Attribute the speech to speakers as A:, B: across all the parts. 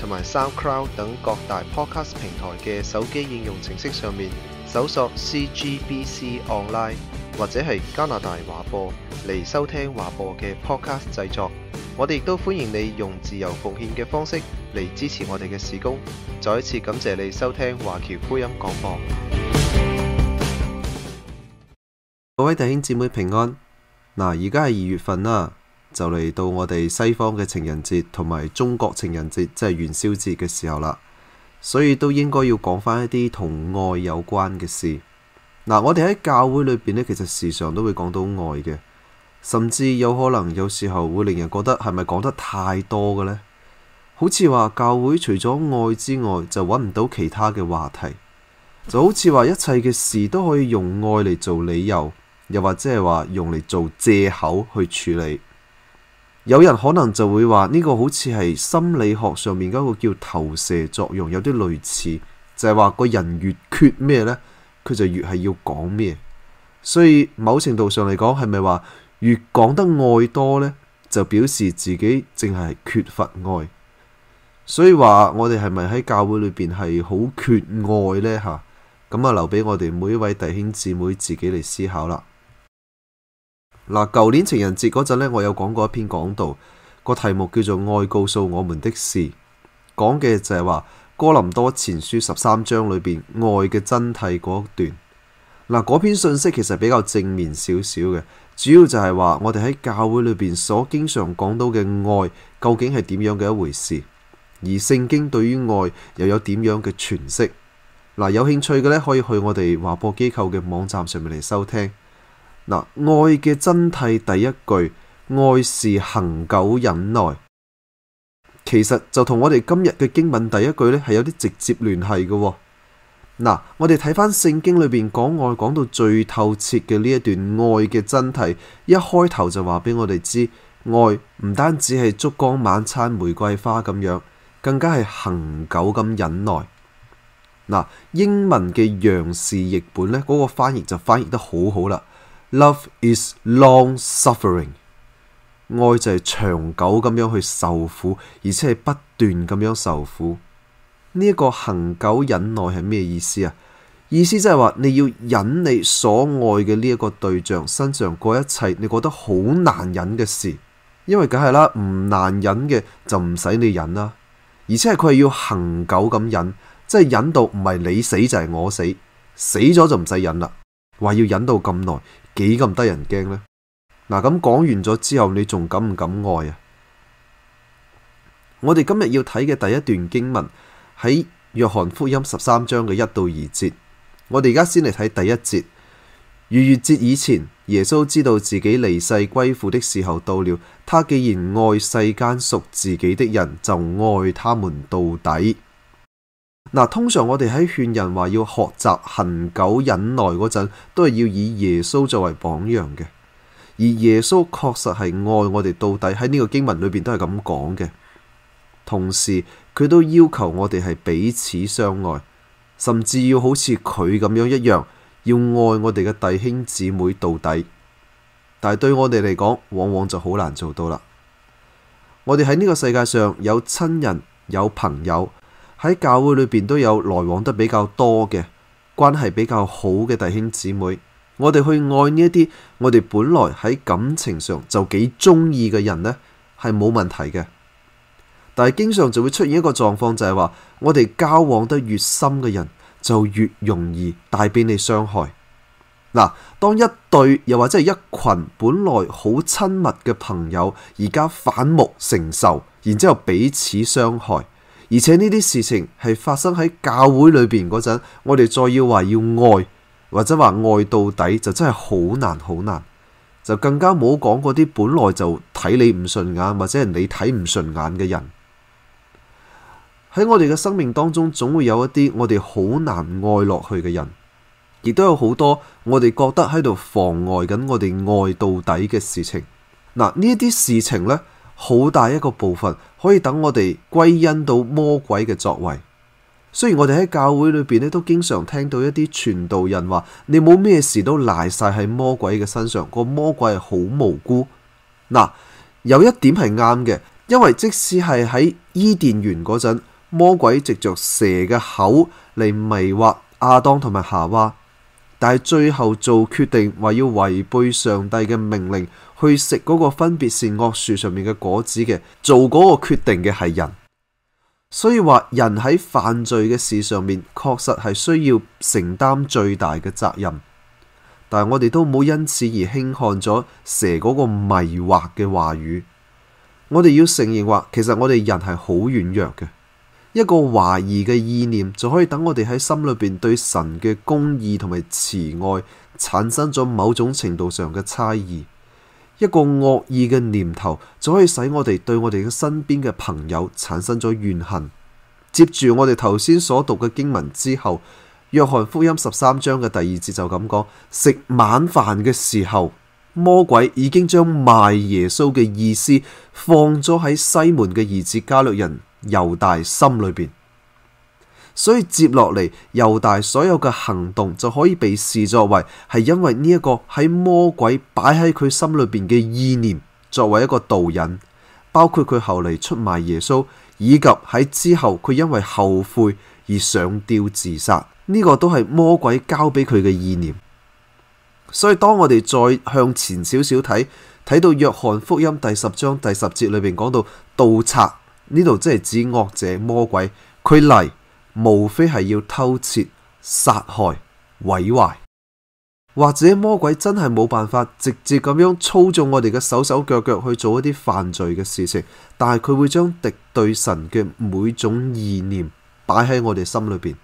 A: 同埋 SoundCloud 等各大 Podcast 平台嘅手機應用程式上面搜索 CGBC Online 或者係加拿大華播嚟收聽華播嘅 Podcast 製作。我哋亦都歡迎你用自由奉獻嘅方式嚟支持我哋嘅事工。再一次感謝你收聽華僑福音廣播。各位弟兄姊妹平安。嗱，而家係二月份啦。就嚟到我哋西方嘅情人節同埋中國情人節，即係元宵節嘅時候啦，所以都應該要講翻一啲同愛有關嘅事。嗱，我哋喺教會裏邊呢，其實時常都會講到愛嘅，甚至有可能有時候會令人覺得係咪講得太多嘅呢？好似話教會除咗愛之外就揾唔到其他嘅話題，就好似話一切嘅事都可以用愛嚟做理由，又或者係話用嚟做借口去處理。有人可能就會話，呢個好似係心理學上面嗰個叫投射作用，有啲類似，就係話個人越缺咩呢，佢就越係要講咩。所以某程度上嚟講，係咪話越講得愛多呢，就表示自己淨係缺乏愛？所以話我哋係咪喺教會裏邊係好缺愛呢？吓，咁啊留俾我哋每一位弟兄姊妹自己嚟思考啦。嗱，舊年情人節嗰陣呢，我有講過一篇講道，個題目叫做《愛告訴我們的事》，講嘅就係話哥林多前書十三章裏邊愛嘅真諦嗰段。嗱，嗰篇信息其實比較正面少少嘅，主要就係話我哋喺教會裏邊所經常講到嘅愛，究竟係點樣嘅一回事？而聖經對於愛又有點樣嘅詮釋？嗱，有興趣嘅呢，可以去我哋華博機構嘅網站上面嚟收聽。嗱，愛嘅真諦第一句，愛是恆久忍耐，其實就同我哋今日嘅經文第一句咧，係有啲直接聯繫嘅。嗱，我哋睇返《聖經》裏邊講愛講到最透徹嘅呢一段愛嘅真諦，一開頭就話俾我哋知，愛唔單止係燭光晚餐、玫瑰花咁樣，更加係恆久咁忍耐。嗱，英文嘅楊氏譯本呢嗰、嗰個翻譯就翻譯得好好啦。Love is long suffering，愛就係長久咁樣去受苦，而且係不斷咁樣受苦。呢一個恒久忍耐係咩意思啊？意思即係話你要忍你所愛嘅呢一個對象身上嗰一切，你覺得好難忍嘅事，因為梗係啦，唔難忍嘅就唔使你忍啦。而且係佢係要恒久咁忍，即係忍到唔係你死就係我死，死咗就唔使忍啦。話要忍到咁耐。幾咁得人驚呢？嗱，咁講完咗之後，你仲敢唔敢愛啊？我哋今日要睇嘅第一段經文喺約翰福音十三章嘅一到二節，我哋而家先嚟睇第一節。逾越節以前，耶穌知道自己離世歸父的時候到了。他既然愛世間屬自己的人，就愛他們到底。嗱，通常我哋喺勸人話要學習恒久忍耐嗰陣，都係要以耶穌作為榜樣嘅。而耶穌確實係愛我哋到底，喺呢個經文裏邊都係咁講嘅。同時，佢都要求我哋係彼此相愛，甚至要好似佢咁樣一樣，要愛我哋嘅弟兄姊妹到底。但係對我哋嚟講，往往就好難做到啦。我哋喺呢個世界上有親人，有朋友。喺教會裏邊都有來往得比較多嘅、關係比較好嘅弟兄姊妹，我哋去愛呢一啲我哋本來喺感情上就幾中意嘅人呢，係冇問題嘅。但係經常就會出現一個狀況就，就係話我哋交往得越深嘅人，就越容易帶俾你傷害。嗱，當一對又或者係一群本來好親密嘅朋友，而家反目成仇，然之後彼此傷害。而且呢啲事情係發生喺教會裏邊嗰陣，我哋再要話要愛或者話愛到底，就真係好難好難，就更加冇講嗰啲本來就睇你唔順眼，或者係你睇唔順眼嘅人。喺我哋嘅生命當中，總會有一啲我哋好難愛落去嘅人，亦都有好多我哋覺得喺度妨礙緊我哋愛到底嘅事情。嗱，呢啲事情咧，好大一個部分可以等我哋歸因到魔鬼嘅作為。雖然我哋喺教會裏邊咧都經常聽到一啲傳道人話：你冇咩事都賴晒喺魔鬼嘅身上，個魔鬼係好無辜。嗱，有一點係啱嘅，因為即使係喺伊甸園嗰陣，魔鬼藉着蛇嘅口嚟迷惑亞當同埋夏娃，但係最後做決定話要違背上帝嘅命令。去食嗰個分別善惡樹上面嘅果子嘅，做嗰個決定嘅係人，所以話人喺犯罪嘅事上面，確實係需要承擔最大嘅責任。但係我哋都冇因此而輕看咗蛇嗰個迷惑嘅話語。我哋要承認話，其實我哋人係好軟弱嘅，一個懷疑嘅意念就可以等我哋喺心裏邊對神嘅公義同埋慈愛產生咗某種程度上嘅猜疑。一個惡意嘅念頭，就可以使我哋對我哋嘅身邊嘅朋友產生咗怨恨。接住我哋頭先所讀嘅經文之後，《約翰福音》十三章嘅第二節就咁講：食晚飯嘅時候，魔鬼已經將賣耶穌嘅意思放咗喺西門嘅兒子加略人猶大心裏邊。所以接落嚟猶大所有嘅行動就可以被視作為係因為呢一個喺魔鬼擺喺佢心裏邊嘅意念作為一個導引，包括佢後嚟出賣耶穌，以及喺之後佢因為後悔而上吊自殺，呢個都係魔鬼交俾佢嘅意念。所以當我哋再向前少少睇，睇到約翰福音第十章第十節裏邊講到盜賊，呢度即係指惡者魔鬼佢嚟。無非係要偷竊、殺害、毀壞，或者魔鬼真係冇辦法直接咁樣操縱我哋嘅手手腳腳去做一啲犯罪嘅事情，但係佢會將敵對神嘅每種意念擺喺我哋心裏邊，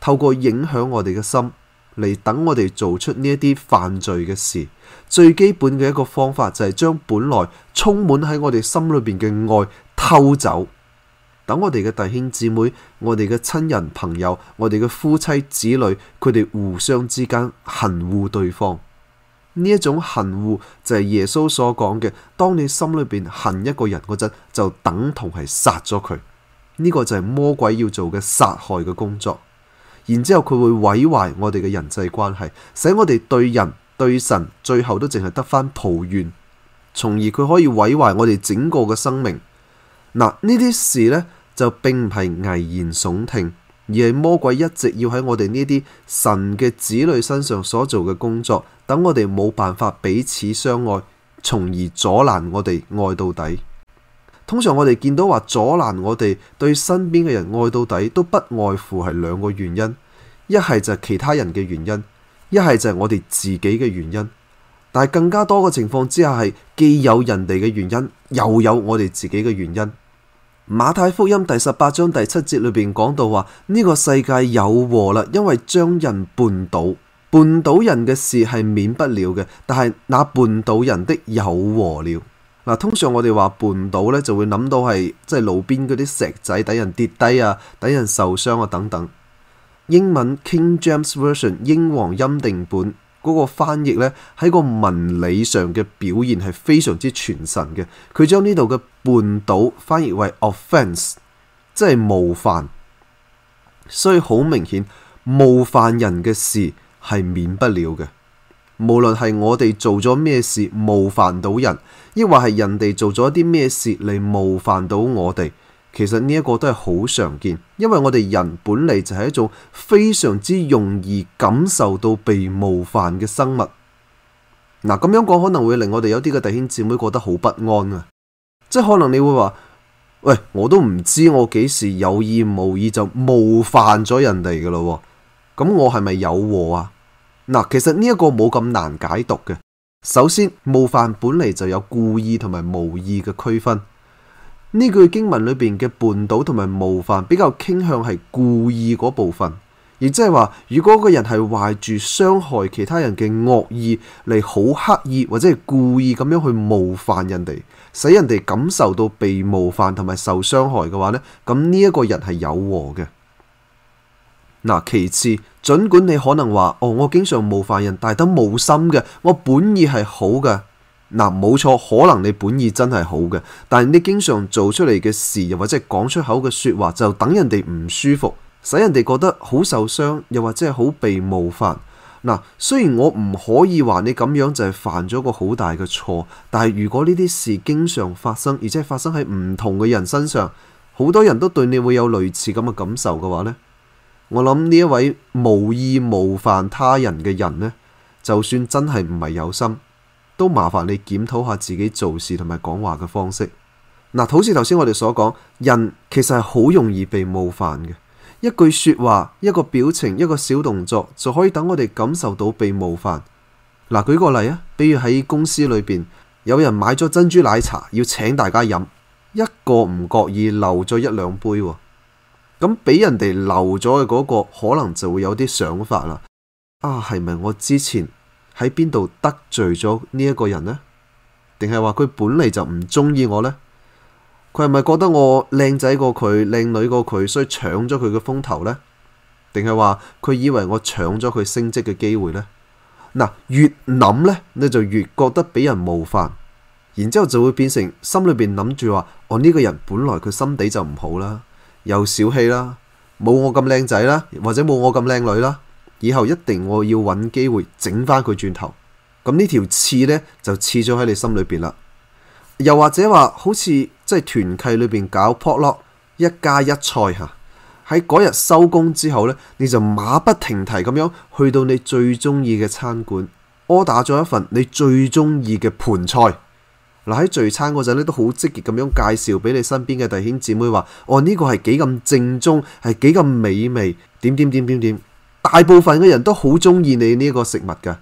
A: 透過影響我哋嘅心嚟，等我哋做出呢一啲犯罪嘅事。最基本嘅一個方法就係將本來充滿喺我哋心裏邊嘅愛偷走。等我哋嘅弟兄姊妹、我哋嘅親人朋友、我哋嘅夫妻子女，佢哋互相之間恨護對方。呢一種恨護就係耶穌所講嘅，當你心裏邊恨一個人嗰陣，就等同係殺咗佢。呢、這個就係魔鬼要做嘅殺害嘅工作。然之後佢會毀壞我哋嘅人際關係，使我哋對人對神最後都淨係得返抱怨，從而佢可以毀壞我哋整個嘅生命。嗱，呢啲事呢，就並唔係危言聳聽，而係魔鬼一直要喺我哋呢啲神嘅子女身上所做嘅工作，等我哋冇辦法彼此相愛，從而阻攔我哋愛到底。通常我哋見到話阻攔我哋對身邊嘅人愛到底，都不外乎係兩個原因：一係就係其他人嘅原因，一係就係我哋自己嘅原因。但係更加多嘅情況之下係，既有人哋嘅原因，又有我哋自己嘅原因。馬太福音第十八章第七節裏邊講到話，呢個世界有禍啦，因為將人絆倒，絆倒人嘅事係免不了嘅，但係那絆倒人的有禍了。嗱，通常我哋話絆倒咧，就會諗到係即係路邊嗰啲石仔等人跌低啊，等人受傷啊等等。英文 King James Version 英皇欽定本。嗰個翻譯呢，喺個文理上嘅表現係非常之全神嘅，佢將呢度嘅半島翻譯為 offense，即係冒犯。所以好明顯，冒犯人嘅事係免不了嘅。無論係我哋做咗咩事冒犯到人，抑或係人哋做咗啲咩事嚟冒犯到我哋。其實呢一個都係好常見，因為我哋人本嚟就係一種非常之容易感受到被冒犯嘅生物。嗱，咁樣講可能會令我哋有啲嘅弟兄姊妹覺得好不安啊！即係可能你會話：「喂，我都唔知我幾時有意無意就冒犯咗人哋噶咯。」咁我係咪有禍啊？嗱，其實呢一個冇咁難解讀嘅。首先，冒犯本嚟就有故意同埋無意嘅區分。呢句經文裏邊嘅絆倒同埋冒犯比較傾向係故意嗰部分，亦即係話，如果個人係懷住傷害其他人嘅惡意，嚟好刻意或者係故意咁樣去冒犯人哋，使人哋感受到被冒犯同埋受傷害嘅話呢，咁呢一個人係有禍嘅。嗱，其次，盡管你可能話，哦，我經常冒犯人，但係都冇心嘅，我本意係好嘅。嗱，冇錯，可能你本意真係好嘅，但係你經常做出嚟嘅事，又或者係講出口嘅說話，就等人哋唔舒服，使人哋覺得好受傷，又或者係好被冒犯。嗱，雖然我唔可以話你咁樣就係犯咗個好大嘅錯，但係如果呢啲事經常發生，而且係發生喺唔同嘅人身上，好多人都對你會有類似咁嘅感受嘅話呢，我諗呢一位無意冒犯他人嘅人呢，就算真係唔係有心，都麻煩你檢討下自己做事同埋講話嘅方式。嗱、啊，好似頭先我哋所講，人其實係好容易被冒犯嘅。一句說話、一個表情、一個小動作，就可以等我哋感受到被冒犯。嗱、啊，舉個例啊，比如喺公司裏邊，有人買咗珍珠奶茶要請大家飲，一個唔覺意漏咗一兩杯，咁、啊、俾人哋漏咗嘅，嗰個，可能就會有啲想法啦。啊，係咪我之前？喺邊度得罪咗呢一個人呢？定係話佢本嚟就唔中意我呢？佢係咪覺得我靚仔過佢、靚女過佢，所以搶咗佢嘅風頭呢？定係話佢以為我搶咗佢升職嘅機會呢？越諗呢，你就越覺得俾人冒犯，然之後就會變成心裏邊諗住話：我呢個人本來佢心底就唔好啦，又小氣啦，冇我咁靚仔啦，或者冇我咁靚女啦。以後一定我要揾機會整返佢轉頭，咁呢條刺呢，就刺咗喺你心裏邊啦。又或者話好似即係團契裏邊搞 potluck，一家一菜吓，喺嗰日收工之後呢，你就馬不停蹄咁樣去到你最中意嘅餐館柯打咗一份你最中意嘅盤菜嗱。喺聚餐嗰陣呢，都好積極咁樣介紹俾你身邊嘅弟兄姊妹話，哦呢個係幾咁正宗，係幾咁美味，點點點點點。點點點大部分嘅人都好中意你呢個食物嘅，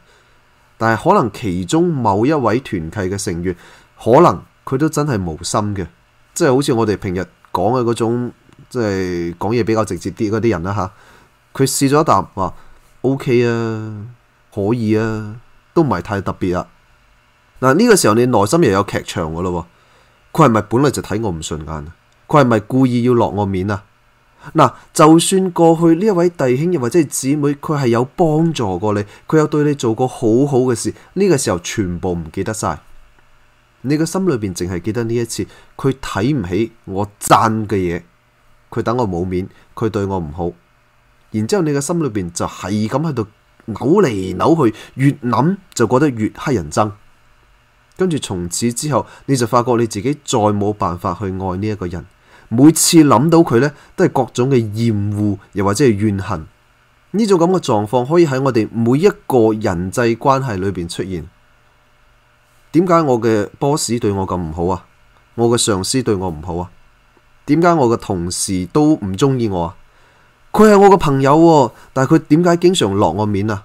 A: 但係可能其中某一位團契嘅成員，可能佢都真係無心嘅，即係好似我哋平日講嘅嗰種，即係講嘢比較直接啲嗰啲人啦吓。佢試咗一啖話，OK 啊，可以啊，都唔係太特別啊。嗱呢個時候你內心又有劇場嘅咯，佢係咪本來就睇我唔順眼？佢係咪故意要落我面啊？嗱、啊，就算過去呢一位弟兄又或者係姊妹，佢係有幫助過你，佢有對你做過好好嘅事，呢、這個時候全部唔記，記得晒，你個心裏邊淨係記得呢一次，佢睇唔起我，讚嘅嘢，佢等我冇面，佢對我唔好，然之後你嘅心裏邊就係咁喺度扭嚟扭去，越諗就覺得越乞人憎，跟住從此之後，你就發覺你自己再冇辦法去愛呢一個人。每次諗到佢呢，都係各種嘅厭惡，又或者係怨恨。呢種咁嘅狀況可以喺我哋每一個人際關係裏邊出現。點解我嘅 boss 對我咁唔好啊？我嘅上司對我唔好啊？點解我嘅同事都唔中意我啊？佢係我嘅朋友，啊，但係佢點解經常落我面啊？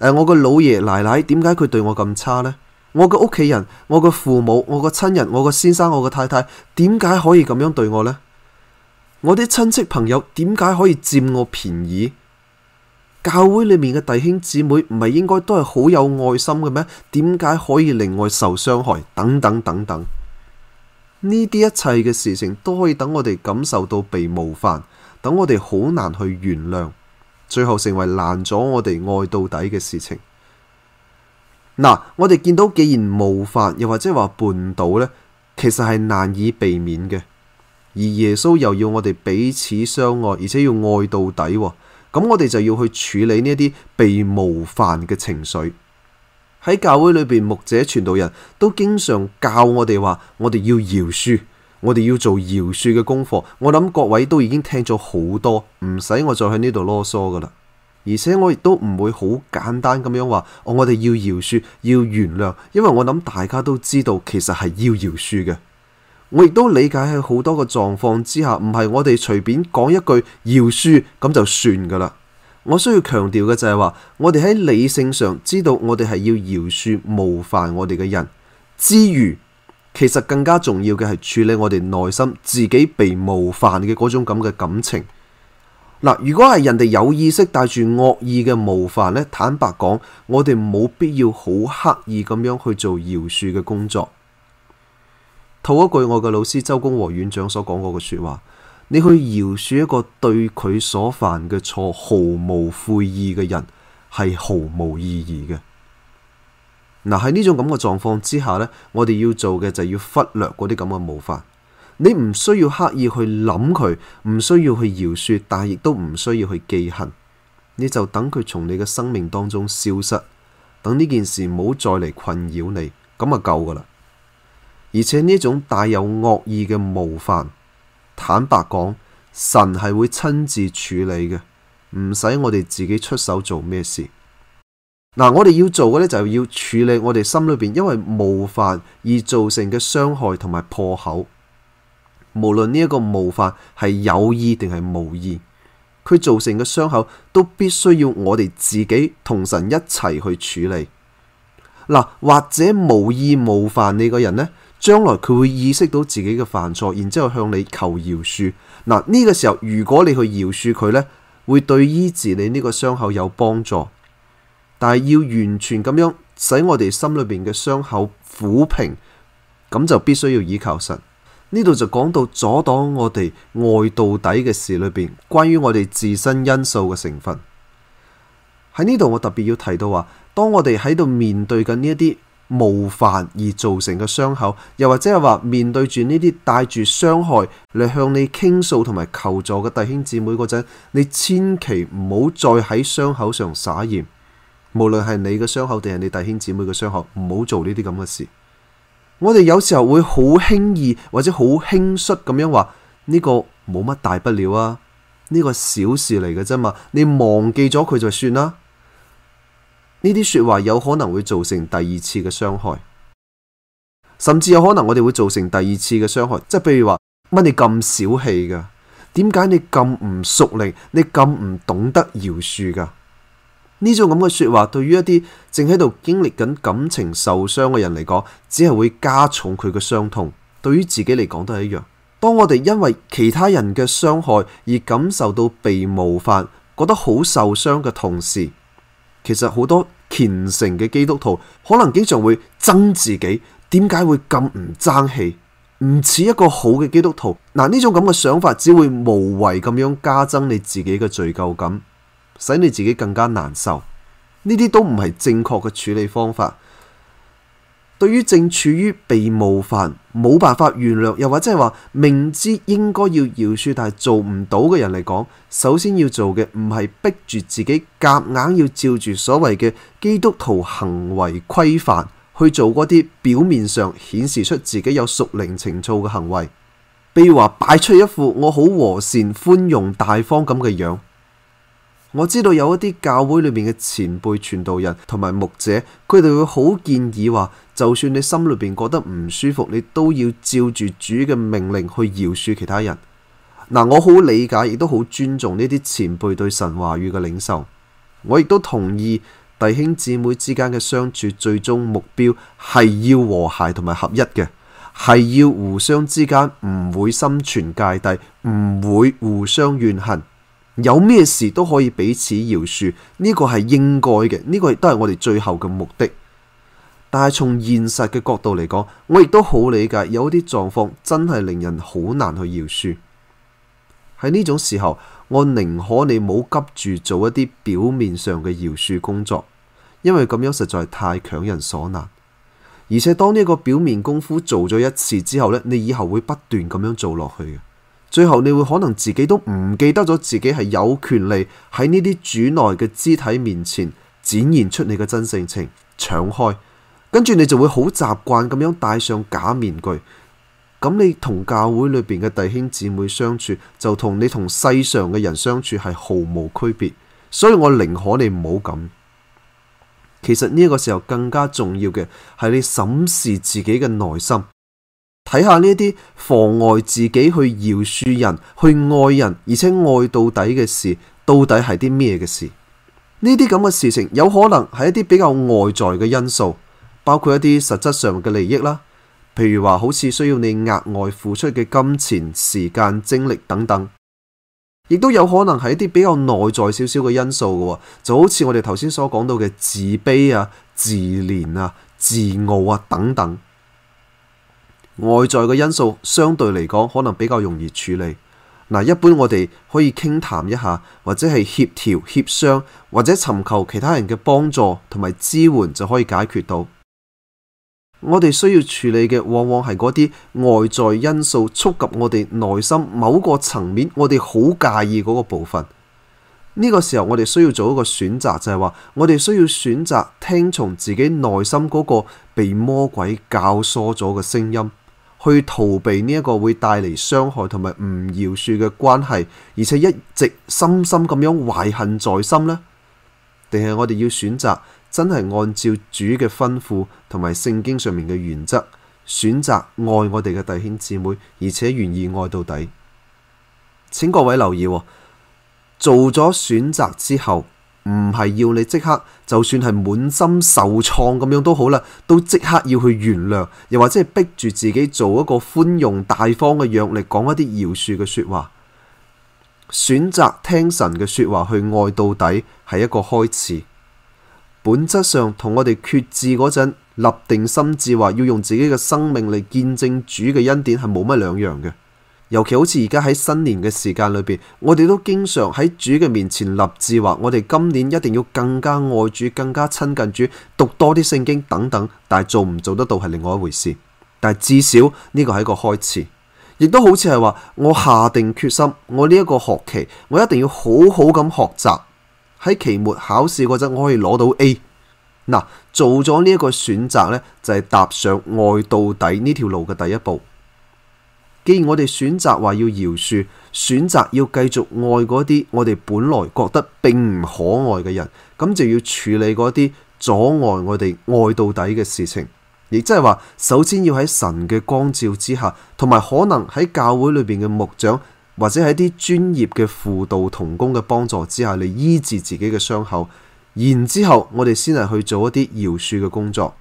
A: 我嘅老爺奶奶點解佢對我咁差呢？我嘅屋企人，我嘅父母，我嘅親人，我嘅先生，我嘅太太，點解可以咁樣對我呢？我啲親戚朋友點解可以佔我便宜？教會裏面嘅弟兄姊妹唔係應該都係好有愛心嘅咩？點解可以令我受傷害？等等等等，呢啲一切嘅事情都可以等我哋感受到被冒犯，等我哋好難去原諒，最後成為攔阻我哋愛到底嘅事情。嗱，我哋見到既然冒犯，又或者話絆倒呢，其實係難以避免嘅。而耶穌又要我哋彼此相愛，而且要愛到底。咁我哋就要去處理呢一啲被冒犯嘅情緒。喺教會裏邊，牧者傳道人都經常教我哋話，我哋要饒恕，我哋要做饒恕嘅功課。我諗各位都已經聽咗好多，唔使我再喺呢度囉嗦噶啦。而且我亦都唔會好簡單咁樣話，我哋要饒恕要原諒，因為我諗大家都知道其實係要饒恕嘅。我亦都理解喺好多個狀況之下，唔係我哋隨便講一句饒恕咁就算噶啦。我需要強調嘅就係話，我哋喺理性上知道我哋係要饒恕冒犯我哋嘅人之餘，其實更加重要嘅係處理我哋內心自己被冒犯嘅嗰種咁嘅感情。如果係人哋有意識帶住惡意嘅冒犯咧，坦白講，我哋冇必要好刻意咁樣去做饒恕嘅工作。套一句我嘅老師周公和院長所講過嘅説話，你去饒恕一個對佢所犯嘅錯毫無悔意嘅人，係毫無意義嘅。嗱、呃，喺呢種咁嘅狀況之下咧，我哋要做嘅就係要忽略嗰啲咁嘅冒犯。你唔需要刻意去諗佢，唔需要去饒恕，但係亦都唔需要去記恨。你就等佢從你嘅生命當中消失，等呢件事冇再嚟困擾你，咁就夠噶啦。而且呢一種帶有惡意嘅冒犯，坦白講，神係會親自處理嘅，唔使我哋自己出手做咩事。嗱、啊，我哋要做嘅呢，就要處理我哋心裏邊因為冒犯而造成嘅傷害同埋破口。無論呢一個冒犯係有意定係無意，佢造成嘅傷口都必須要我哋自己同神一齊去處理。嗱，或者無意冒犯你嘅人呢，將來佢會意識到自己嘅犯錯，然之後向你求饒恕。嗱，呢個時候如果你去饒恕佢呢，會對醫治你呢個傷口有幫助。但係要完全咁樣使我哋心裏邊嘅傷口撫平，咁就必須要倚靠神。呢度就講到阻擋我哋愛到底嘅事裏邊，關於我哋自身因素嘅成分。喺呢度我特別要提到話，當我哋喺度面對緊呢一啲冒犯而造成嘅傷口，又或者係話面對住呢啲帶住傷害嚟向你傾訴同埋求助嘅弟兄姊妹嗰陣，你千祈唔好再喺傷口上撒鹽。無論係你嘅傷口定係你弟兄姊妹嘅傷口，唔好做呢啲咁嘅事。我哋有時候會好輕易或者好輕率咁樣話呢個冇乜大不了啊，呢個小事嚟嘅啫嘛，你忘記咗佢就算啦。呢啲說話有可能會造成第二次嘅傷害，甚至有可能我哋會造成第二次嘅傷害。即係譬如話，乜你咁小氣噶？點解你咁唔熟練唔熟性，你咁唔懂得饒恕噶？呢種咁嘅說話，對於一啲正喺度經歷緊感情受傷嘅人嚟講，只係會加重佢嘅傷痛。對於自己嚟講都係一樣。當我哋因為其他人嘅傷害而感受到被冒犯，覺得好受傷嘅同時，其實好多虔誠嘅基督徒可能經常會憎自己，點解會咁唔爭氣，唔似一個好嘅基督徒？嗱，呢種咁嘅想法只會無謂咁樣加增你自己嘅罪疚感。使你自己更加難受，呢啲都唔係正確嘅處理方法。對於正處於被冒犯、冇辦法原諒，又或者係話明知應該要饒恕但係做唔到嘅人嚟講，首先要做嘅唔係逼住自己夾硬，硬要照住所謂嘅基督徒行為規範去做嗰啲表面上顯示出自己有屬靈情操嘅行為，譬如話擺出一副我好和善、寬容、大方咁嘅樣。我知道有一啲教會裏面嘅前輩傳道人同埋牧者，佢哋會好建議話，就算你心裏面覺得唔舒服，你都要照住主嘅命令去饒恕其他人。嗱，我好理解，亦都好尊重呢啲前輩對神話語嘅領受。我亦都同意弟兄姊妹之間嘅相處最終目標係要和諧同埋合一嘅，係要互相之間唔會心存芥蒂，唔會互相怨恨。有咩事都可以彼此饒恕，呢個係應該嘅，呢個亦都係我哋最後嘅目的。但係從現實嘅角度嚟講，我亦都好理解有啲狀況真係令人好難去饒恕。喺呢種時候，我寧可你冇急住做一啲表面上嘅饒恕工作，因為咁樣實在太強人所難。而且當呢個表面功夫做咗一次之後呢，你以後會不斷咁樣做落去嘅。最後你會可能自己都唔記得咗自己係有權利喺呢啲主內嘅肢體面前展現出你嘅真性情，敞開，跟住你就會好習慣咁樣戴上假面具。咁你同教會裏邊嘅弟兄姊妹相處，就同你同世上嘅人相處係毫無區別。所以我寧可你唔好咁。其實呢個時候更加重要嘅係你審視自己嘅內心。睇下呢啲妨礙自己去饒恕人、去愛人，而且愛到底嘅事，到底係啲咩嘅事？呢啲咁嘅事情，有可能係一啲比較外在嘅因素，包括一啲實質上嘅利益啦，譬如話好似需要你額外付出嘅金錢、時間、精力等等，亦都有可能係一啲比較內在少少嘅因素嘅，就好似我哋頭先所講到嘅自卑啊、自憐啊、自傲啊等等。外在嘅因素，相對嚟講可能比較容易處理，嗱，一般我哋可以傾談一下，或者係協調協商，或者尋求其他人嘅幫助同埋支援就可以解決到。我哋需要處理嘅往往係嗰啲外在因素觸及我哋內心某個層面，我哋好介意嗰個部分。呢個時候我哋需要做一個選擇，就係話我哋需要選擇聽從自己內心嗰個被魔鬼教唆咗嘅聲音。去逃避呢一個會帶嚟傷害同埋唔饒恕嘅關係，而且一直深深咁樣懷恨在心呢，定係我哋要選擇真係按照主嘅吩咐同埋聖經上面嘅原則，選擇愛我哋嘅弟兄姊妹，而且願意愛到底？請各位留意，做咗選擇之後。唔係要你即刻，就算係滿心受創咁樣都好啦，都即刻要去原諒，又或者係逼住自己做一個寬容大方嘅樣，嚟講一啲饒恕嘅說話，選擇聽神嘅說話去愛到底，係一個開始。本質上同我哋決志嗰陣立定心志，話要用自己嘅生命嚟見證主嘅恩典，係冇乜兩樣嘅。尤其好似而家喺新年嘅時間裏邊，我哋都經常喺主嘅面前立志話，我哋今年一定要更加愛主、更加親近主、讀多啲聖經等等。但係做唔做得到係另外一回事。但係至少呢個係一個開始，亦都好似係話我下定決心，我呢一個學期我一定要好好咁學習，喺期末考試嗰陣我可以攞到 A。嗱，做咗呢一個選擇呢，就係踏上愛到底呢條路嘅第一步。既然我哋選擇話要饒恕，選擇要繼續愛嗰啲我哋本來覺得並唔可愛嘅人，咁就要處理嗰啲阻礙我哋愛到底嘅事情，亦即係話，首先要喺神嘅光照之下，同埋可能喺教會裏邊嘅牧長或者喺啲專業嘅輔導同工嘅幫助之下嚟醫治自己嘅傷口，然之後我哋先係去做一啲饒恕嘅工作。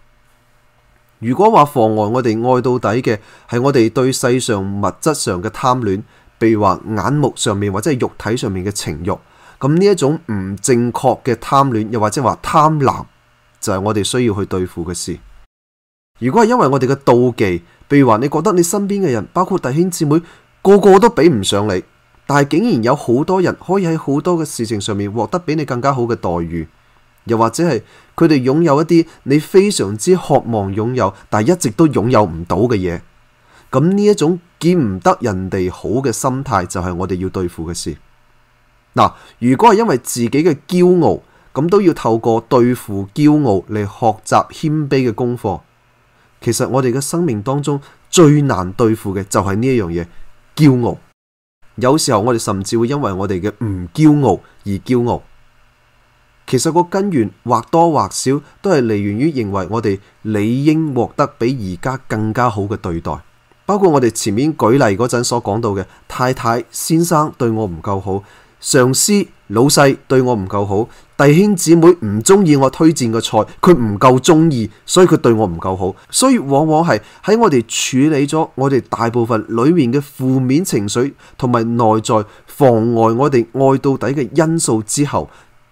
A: 如果話妨礙我哋愛到底嘅係我哋對世上物質上嘅貪戀，譬如話眼目上面或者係肉體上面嘅情欲，咁呢一種唔正確嘅貪戀，又或者話貪婪，就係我哋需要去對付嘅事。如果係因為我哋嘅妒忌，譬如話你覺得你身邊嘅人，包括弟兄姊妹，個個都比唔上你，但係竟然有好多人可以喺好多嘅事情上面獲得比你更加好嘅待遇。又或者係佢哋擁有一啲你非常之渴望擁有，但一直都擁有唔到嘅嘢。咁呢一種見唔得人哋好嘅心態，就係我哋要對付嘅事。嗱，如果係因為自己嘅驕傲，咁都要透過對付驕傲嚟學習謙卑嘅功課。其實我哋嘅生命當中最難對付嘅就係呢一樣嘢，驕傲。有時候我哋甚至會因為我哋嘅唔驕傲而驕傲。其實個根源或多或少都係嚟源於認為我哋理應獲得比而家更加好嘅對待，包括我哋前面舉例嗰陣所講到嘅太太先生對我唔夠好，上司老細對我唔夠好，弟兄姊妹唔中意我推薦嘅菜，佢唔夠中意，所以佢對我唔夠好。所以往往係喺我哋處理咗我哋大部分裏面嘅負面情緒同埋內在妨礙我哋愛到底嘅因素之後。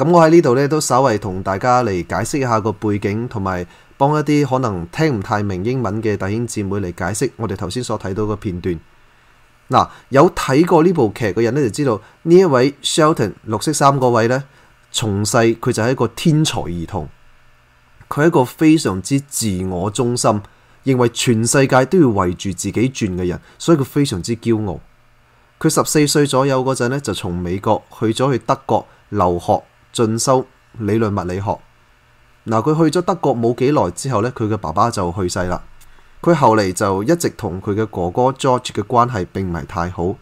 A: 咁我喺呢度咧，都稍為同大家嚟解釋一下個背景，同埋幫一啲可能聽唔太明英文嘅弟兄姊妹嚟解釋我哋頭先所睇到嘅片段。嗱，有睇過呢部劇嘅人呢，就知道呢一位 Shelton，綠色衫嗰位咧，從細佢就係一個天才兒童，佢係一個非常之自我中心，認為全世界都要圍住自己轉嘅人，所以佢非常之驕傲。佢十四歲左右嗰陣呢，就從美國去咗去德國留學。進修理論物理學。嗱，佢去咗德國冇幾耐之後呢，佢嘅爸爸就去世啦。佢後嚟就一直同佢嘅哥哥 George 嘅關係並唔係太好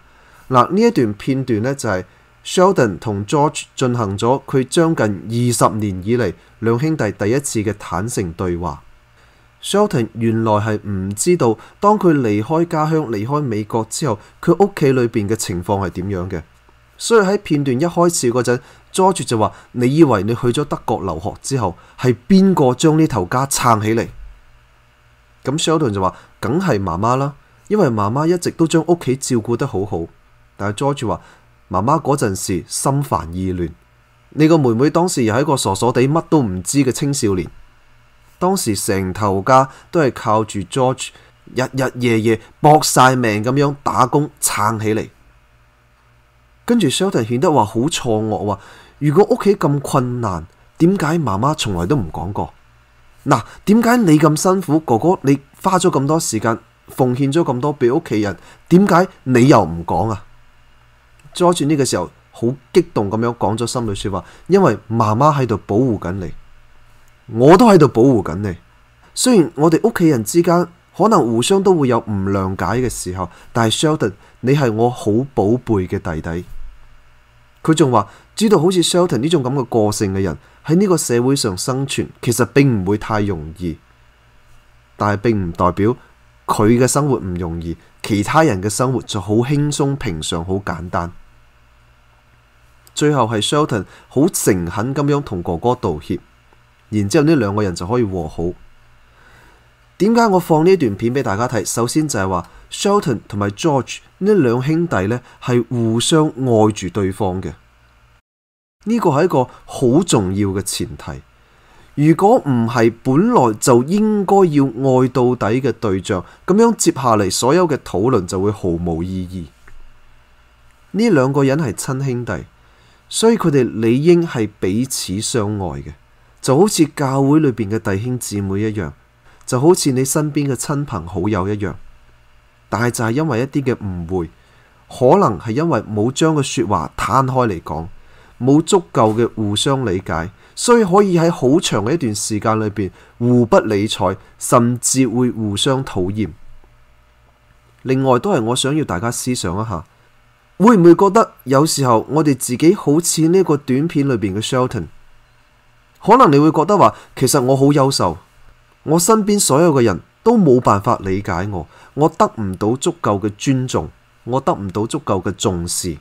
A: 嗱。呢一段片段呢，就係、是、Sheldon 同 George 進行咗佢將近二十年以嚟兩兄弟第一次嘅坦誠對話。Sheldon 原來係唔知道當佢離開家鄉、離開美國之後，佢屋企裏邊嘅情況係點樣嘅，所以喺片段一開始嗰陣，George 就話：你以為你去咗德國留學之後，係邊個將呢頭家撐起嚟？咁 Sheldon 就話：梗係媽媽啦，因為媽媽一直都將屋企照顧得好好。但係 George 話：媽媽嗰陣時心煩意亂，你個妹妹當時又係一個傻傻地乜都唔知嘅青少年。當時成頭家都係靠住 George 日日夜夜搏晒命咁樣打工撐起嚟。跟住 Sheldon 顯得話好錯愕話。如果屋企咁困難，點解媽媽從來都唔講過？嗱，點解你咁辛苦，哥哥你花咗咁多時間奉獻咗咁多俾屋企人，點解你又唔講啊？揸住呢個時候，好激動咁樣講咗心裏說話，因為媽媽喺度保護緊你，我都喺度保護緊你。雖然我哋屋企人之間可能互相都會有唔諒解嘅時候，但係 Sheldon，你係我好寶貝嘅弟弟。佢仲話。知道好似 Shelton 呢種咁嘅個性嘅人喺呢個社會上生存，其實並唔會太容易，但係並唔代表佢嘅生活唔容易，其他人嘅生活就好輕鬆平常，好簡單。最後係 Shelton 好誠懇咁樣同哥哥道歉，然之後呢兩個人就可以和好。點解我放呢段片俾大家睇？首先就係話 Shelton 同埋 George 呢兩兄弟呢，係互相愛住對方嘅。呢個係一個好重要嘅前提。如果唔係本來就應該要愛到底嘅對象，咁樣接下嚟，所有嘅討論就會毫無意義。呢兩個人係親兄弟，所以佢哋理應係彼此相愛嘅，就好似教會裏邊嘅弟兄姊妹一樣，就好似你身邊嘅親朋好友一樣。但係就係因為一啲嘅誤會，可能係因為冇將個說話攤開嚟講。冇足夠嘅互相理解，所以可以喺好長嘅一段時間裏邊互不理睬，甚至會互相討厭。另外，都係我想要大家思想一下，會唔會覺得有時候我哋自己好似呢個短片裏邊嘅 Shelton？可能你會覺得話，其實我好優秀，我身邊所有嘅人都冇辦法理解我，我得唔到足夠嘅尊重，我得唔到足夠嘅重視。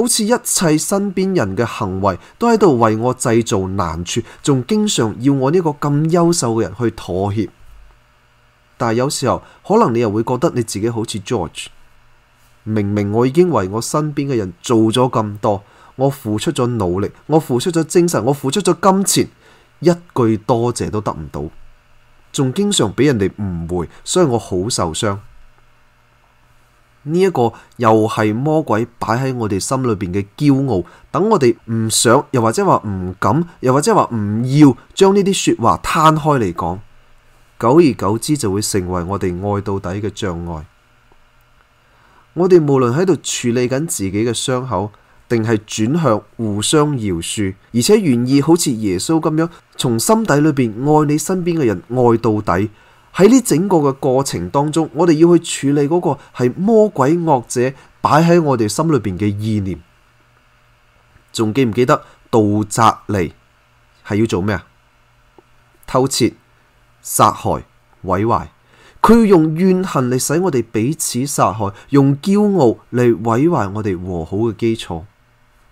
A: 好似一切身邊人嘅行為都喺度為我製造難處，仲經常要我呢個咁優秀嘅人去妥協。但係有時候可能你又會覺得你自己好似 George，明明我已經為我身邊嘅人做咗咁多，我付出咗努力，我付出咗精神，我付出咗金錢，一句多謝都得唔到，仲經常俾人哋誤會，所以我好受傷。呢一個又係魔鬼擺喺我哋心裏邊嘅驕傲，等我哋唔想，又或者話唔敢，又或者話唔要，將呢啲說話攤開嚟講，久而久之就會成為我哋愛到底嘅障礙。我哋無論喺度處理緊自己嘅傷口，定係轉向互相饒恕，而且願意好似耶穌咁樣，從心底裏邊愛你身邊嘅人，愛到底。喺呢整個嘅過程當中，我哋要去處理嗰個係魔鬼惡者擺喺我哋心裏邊嘅意念。仲記唔記得盜賊嚟，係要做咩啊？偷竊、殺害、毀壞，佢要用怨恨嚟使我哋彼此殺害，用驕傲嚟毀壞我哋和好嘅基礎。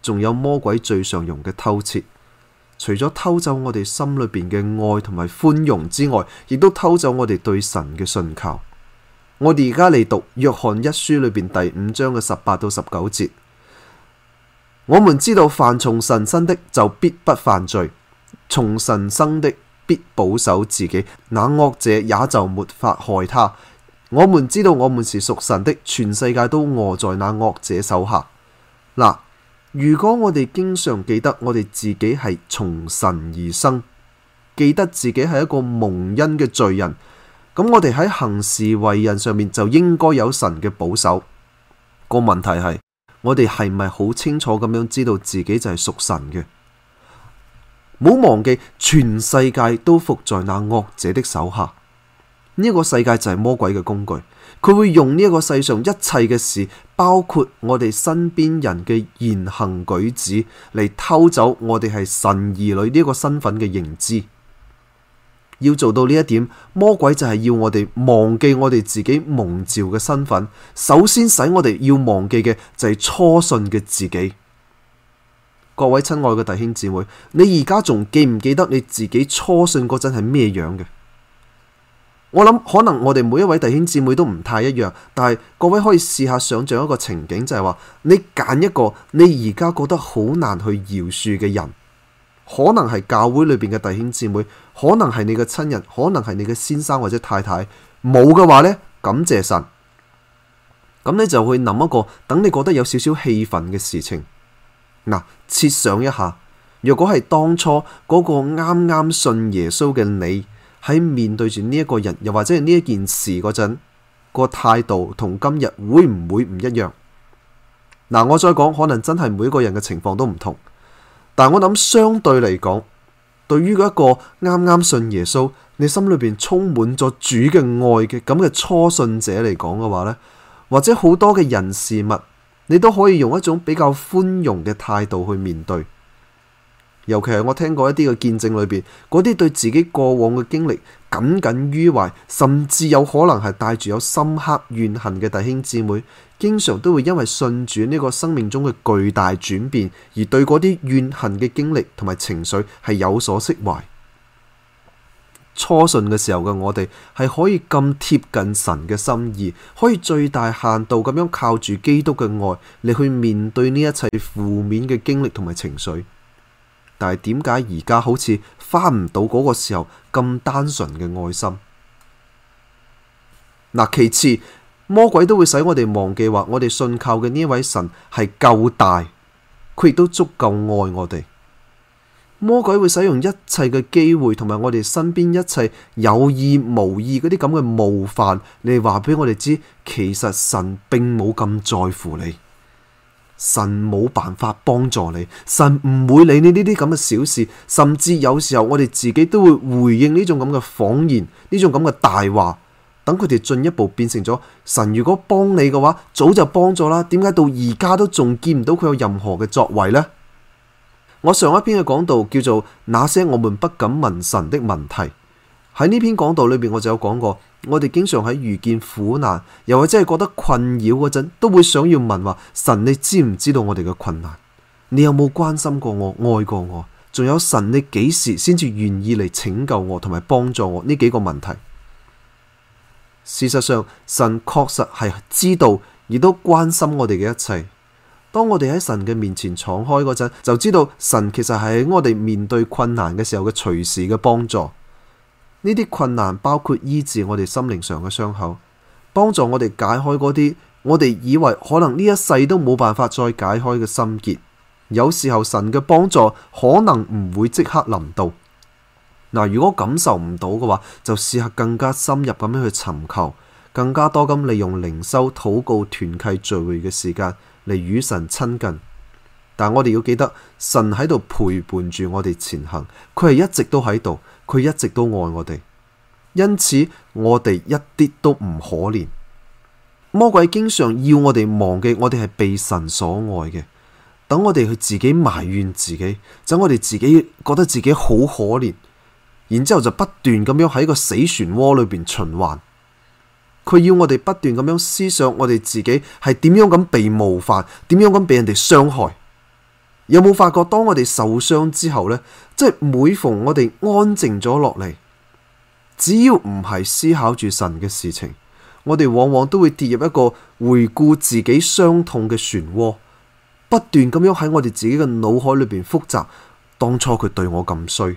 A: 仲有魔鬼最常用嘅偷竊。除咗偷走我哋心裏邊嘅愛同埋寬容之外，亦都偷走我哋對神嘅信靠。我哋而家嚟讀約翰一書裏邊第五章嘅十八到十九節。我們知道凡從神生的，就必不犯罪，從神生的必保守自己，那惡者也就沒法害他。我們知道我們是屬神的，全世界都臥在那惡者手下。嗱。如果我哋經常記得我哋自己係從神而生，記得自己係一個蒙恩嘅罪人，咁我哋喺行事為人上面就應該有神嘅保守。個問題係我哋係咪好清楚咁樣知道自己就係屬神嘅？唔好忘記，全世界都伏在那惡者的手下，呢個世界就係魔鬼嘅工具。佢會用呢個世上一切嘅事，包括我哋身邊人嘅言行舉止，嚟偷走我哋係神兒女呢個身份嘅認知。要做到呢一點，魔鬼就係要我哋忘記我哋自己蒙召嘅身份。首先使我哋要忘記嘅就係初信嘅自己。各位親愛嘅弟兄姊妹，你而家仲記唔記得你自己初信嗰陣係咩樣嘅？我諗可能我哋每一位弟兄姊妹都唔太一樣，但係各位可以試下想象一個情景，就係話你揀一個你而家覺得好難去饒恕嘅人，可能係教會裏邊嘅弟兄姊妹，可能係你嘅親人，可能係你嘅先生或者太太。冇嘅話呢，感謝神。咁你就去諗一個，等你覺得有少少氣憤嘅事情，嗱，設想一下，若果係當初嗰個啱啱信耶穌嘅你。喺面對住呢一個人，又或者係呢一件事嗰陣，個態度同今日會唔會唔一樣？嗱、嗯，我再講，可能真係每個人嘅情況都唔同，但我諗相對嚟講，對於一個啱啱信耶穌，你心裏邊充滿咗主嘅愛嘅咁嘅初信者嚟講嘅話呢，或者好多嘅人事物，你都可以用一種比較寬容嘅態度去面對。尤其係我聽過一啲嘅見證裏邊，嗰啲對自己過往嘅經歷耿耿於懷，甚至有可能係帶住有深刻怨恨嘅弟兄姊妹，經常都會因為信住呢個生命中嘅巨大轉變，而對嗰啲怨恨嘅經歷同埋情緒係有所釋懷。初信嘅時候嘅我哋係可以咁貼近神嘅心意，可以最大限度咁樣靠住基督嘅愛，嚟去面對呢一切負面嘅經歷同埋情緒。但係點解而家好似返唔到嗰個時候咁單純嘅愛心？嗱，其次，魔鬼都會使我哋忘記話，我哋信靠嘅呢位神係夠大，佢亦都足夠愛我哋。魔鬼會使用一切嘅機會，同埋我哋身邊一切有意無意嗰啲咁嘅冒犯嚟話畀我哋知，其實神並冇咁在乎你。神冇辦法幫助你，神唔會理你呢啲咁嘅小事，甚至有時候我哋自己都會回應呢種咁嘅謊言，呢種咁嘅大話，等佢哋進一步變成咗神。如果幫你嘅話，早就幫助啦，點解到而家都仲見唔到佢有任何嘅作為呢？我上一篇嘅講道叫做《那些我們不敢問神的問題》。喺呢篇講道裏面，我就有講過，我哋經常喺遇見苦難，又或者係覺得困擾嗰陣，都會想要問話：神，你知唔知道我哋嘅困難？你有冇關心過我、愛過我？仲有神，你幾時先至願意嚟拯救我同埋幫助我？呢幾個問題，事實上，神確實係知道，亦都關心我哋嘅一切。當我哋喺神嘅面前敞開嗰陣，就知道神其實係喺我哋面對困難嘅時候嘅隨時嘅幫助。呢啲困難包括醫治我哋心靈上嘅傷口，幫助我哋解開嗰啲我哋以為可能呢一世都冇辦法再解開嘅心結。有時候神嘅幫助可能唔會即刻臨到。嗱，如果感受唔到嘅話，就試下更加深入咁樣去尋求，更加多咁利用靈修、禱告、團契、聚會嘅時間嚟與神親近。但我哋要記得，神喺度陪伴住我哋前行，佢係一直都喺度。佢一直都愛我哋，因此我哋一啲都唔可憐。魔鬼經常要我哋忘記我哋係被神所愛嘅，等我哋去自己埋怨自己，等我哋自己覺得自己好可憐，然之後就不斷咁樣喺個死漩渦裏邊循環。佢要我哋不斷咁樣思想我哋自己係點樣咁被冒犯，點樣咁俾人哋傷害。有冇發覺當我哋受傷之後呢，即係每逢我哋安靜咗落嚟，只要唔係思考住神嘅事情，我哋往往都會跌入一個回顧自己傷痛嘅漩渦，不斷咁樣喺我哋自己嘅腦海裏邊複雜。當初佢對我咁衰，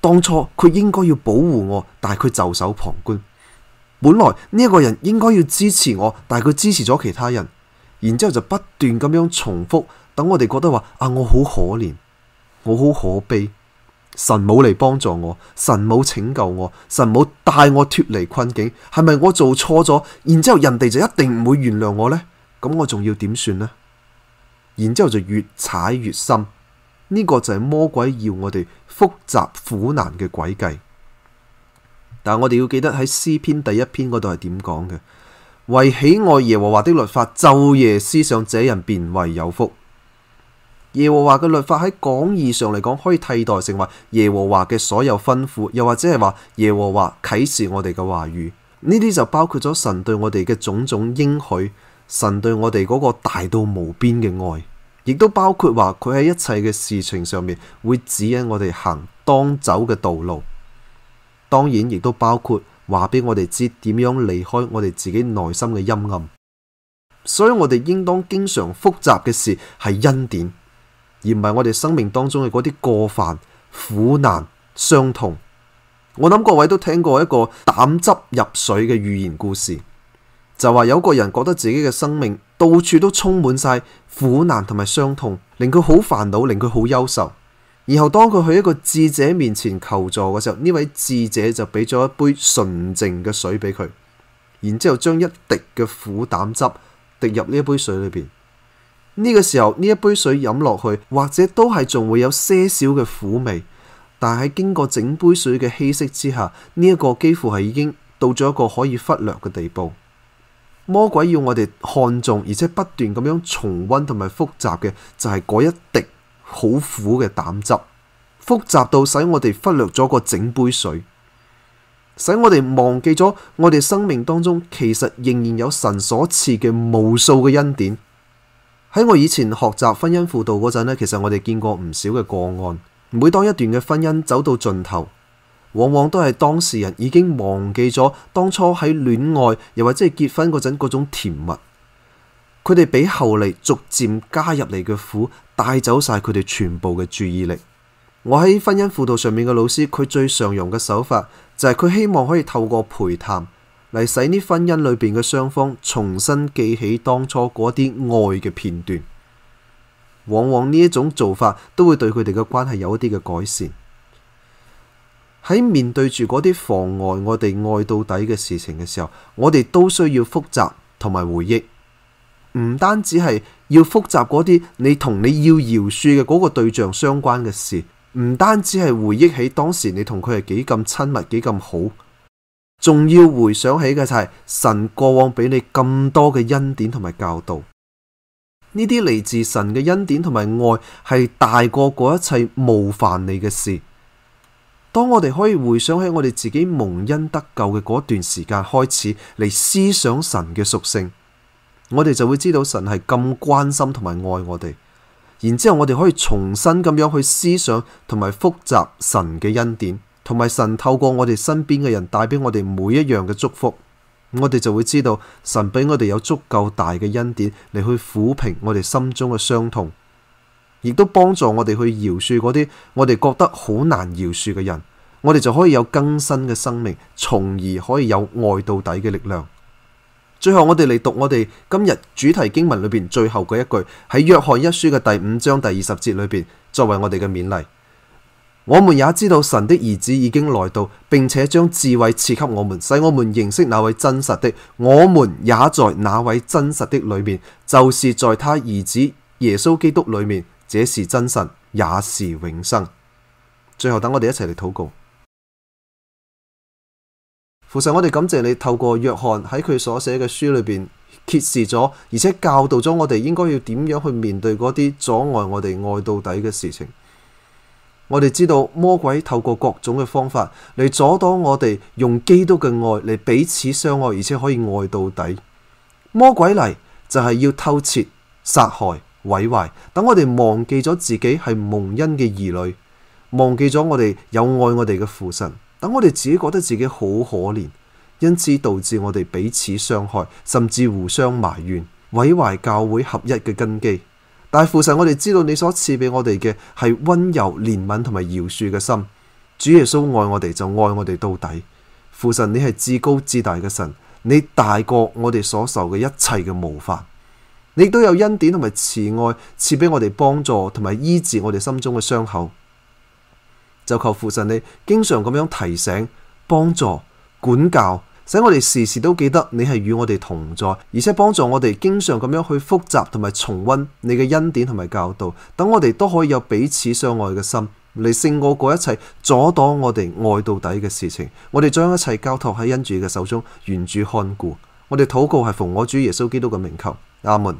A: 當初佢應該要保護我，但係佢袖手旁觀。本來呢一個人應該要支持我，但係佢支持咗其他人，然之後就不斷咁樣重複。等我哋覺得話啊，我好可憐，我好可悲，神冇嚟幫助我，神冇拯救我，神冇帶我脫離困境，係咪我做錯咗？然之後人哋就一定唔會原諒我呢？咁我仲要點算呢？然之後就越踩越深，呢個就係魔鬼要我哋複雜苦難嘅詭計。但我哋要記得喺詩篇第一篇嗰度係點講嘅，為喜愛耶和華的律法，晝夜思想，這人便為有福。耶和華嘅律法喺廣義上嚟講，可以替代成為耶和華嘅所有吩咐，又或者係話耶和華啟示我哋嘅話語。呢啲就包括咗神對我哋嘅種種應許，神對我哋嗰個大到無邊嘅愛，亦都包括話佢喺一切嘅事情上面會指引我哋行當走嘅道路。當然，亦都包括話俾我哋知點樣離開我哋自己內心嘅陰暗。所以我哋應當經常復習嘅事係恩典。而唔係我哋生命當中嘅嗰啲過犯、苦難、傷痛。我諗各位都聽過一個膽汁入水嘅寓言故事，就話有個人覺得自己嘅生命到處都充滿晒苦難同埋傷痛，令佢好煩惱，令佢好憂愁。然後當佢去一個智者面前求助嘅時候，呢位智者就俾咗一杯純淨嘅水俾佢，然之後將一滴嘅苦膽汁滴入呢一杯水裏邊。呢個時候呢一杯水飲落去，或者都係仲會有些少嘅苦味。但係經過整杯水嘅稀釋之下，呢、這、一個幾乎係已經到咗一個可以忽略嘅地步。魔鬼要我哋看重，而且不斷咁樣重溫同埋複雜嘅，就係、是、嗰一滴好苦嘅膽汁。複雜到使我哋忽略咗個整杯水，使我哋忘記咗我哋生命當中其實仍然有神所賜嘅無數嘅恩典。喺我以前學習婚姻輔導嗰陣呢，其實我哋見過唔少嘅個案。每當一段嘅婚姻走到盡頭，往往都係當事人已經忘記咗當初喺戀愛又或者係結婚嗰陣嗰種甜蜜。佢哋俾後嚟逐漸加入嚟嘅苦帶走晒佢哋全部嘅注意力。我喺婚姻輔導上面嘅老師，佢最常用嘅手法就係佢希望可以透過陪談。嚟使呢婚姻裏邊嘅雙方重新記起當初嗰啲愛嘅片段，往往呢一種做法都會對佢哋嘅關係有一啲嘅改善。喺面對住嗰啲妨礙我哋愛到底嘅事情嘅時候，我哋都需要復習同埋回憶，唔單止係要復習嗰啲你同你要饒恕嘅嗰個對象相關嘅事，唔單止係回憶起當時你同佢係幾咁親密幾咁好。仲要回想起嘅就係神過往俾你咁多嘅恩典同埋教導，呢啲嚟自神嘅恩典同埋愛係大過嗰一切冒犯你嘅事。當我哋可以回想起我哋自己蒙恩得救嘅嗰段時間開始嚟思想神嘅屬性，我哋就會知道神係咁關心同埋愛我哋。然之後我哋可以重新咁樣去思想同埋複習神嘅恩典。同埋神透過我哋身邊嘅人帶俾我哋每一樣嘅祝福，我哋就會知道神俾我哋有足夠大嘅恩典嚟去撫平我哋心中嘅傷痛，亦都幫助我哋去饒恕嗰啲我哋覺得好難饒恕嘅人，我哋就可以有更新嘅生命，從而可以有愛到底嘅力量。最後，我哋嚟讀我哋今日主題經文裏邊最後嘅一句，喺約翰一書嘅第五章第二十節裏邊，作為我哋嘅勉勵。我們也知道神的兒子已經來到，並且將智慧賜給我們，使我們認識那位真實的。我們也在那位真實的裏面，就是在他兒子耶穌基督裏面。這是真神，也是永生。最後，等我哋一齊嚟禱告。父神，我哋感謝你透過約翰喺佢所寫嘅書裏邊揭示咗，而且教導咗我哋應該要點樣去面對嗰啲阻礙我哋愛到底嘅事情。我哋知道魔鬼透過各種嘅方法嚟阻擋我哋用基督嘅愛嚟彼此相愛，而且可以愛到底。魔鬼嚟就係、是、要偷竊殺害、毀壞，等我哋忘記咗自己係蒙恩嘅兒女，忘記咗我哋有愛我哋嘅父神，等我哋自己覺得自己好可憐，因此導致我哋彼此傷害，甚至互相埋怨，毀壞教會合一嘅根基。但係父神，我哋知道你所賜俾我哋嘅係溫柔、憐憫同埋饒恕嘅心。主耶穌愛我哋，就愛我哋到底。父神，你係至高至大嘅神，你大過我哋所受嘅一切嘅冒犯。你都有恩典同埋慈愛，賜俾我哋幫助同埋醫治我哋心中嘅傷口。就求父神，你經常咁樣提醒、幫助、管教。使我哋時時都記得你係與我哋同在，而且幫助我哋經常咁樣去複習同埋重溫你嘅恩典同埋教導，等我哋都可以有彼此相愛嘅心嚟勝過嗰一切阻擋我哋愛到底嘅事情。我哋將一切交託喺恩主嘅手中，願主看顧。我哋禱告係奉我主耶穌基督嘅名求，阿門。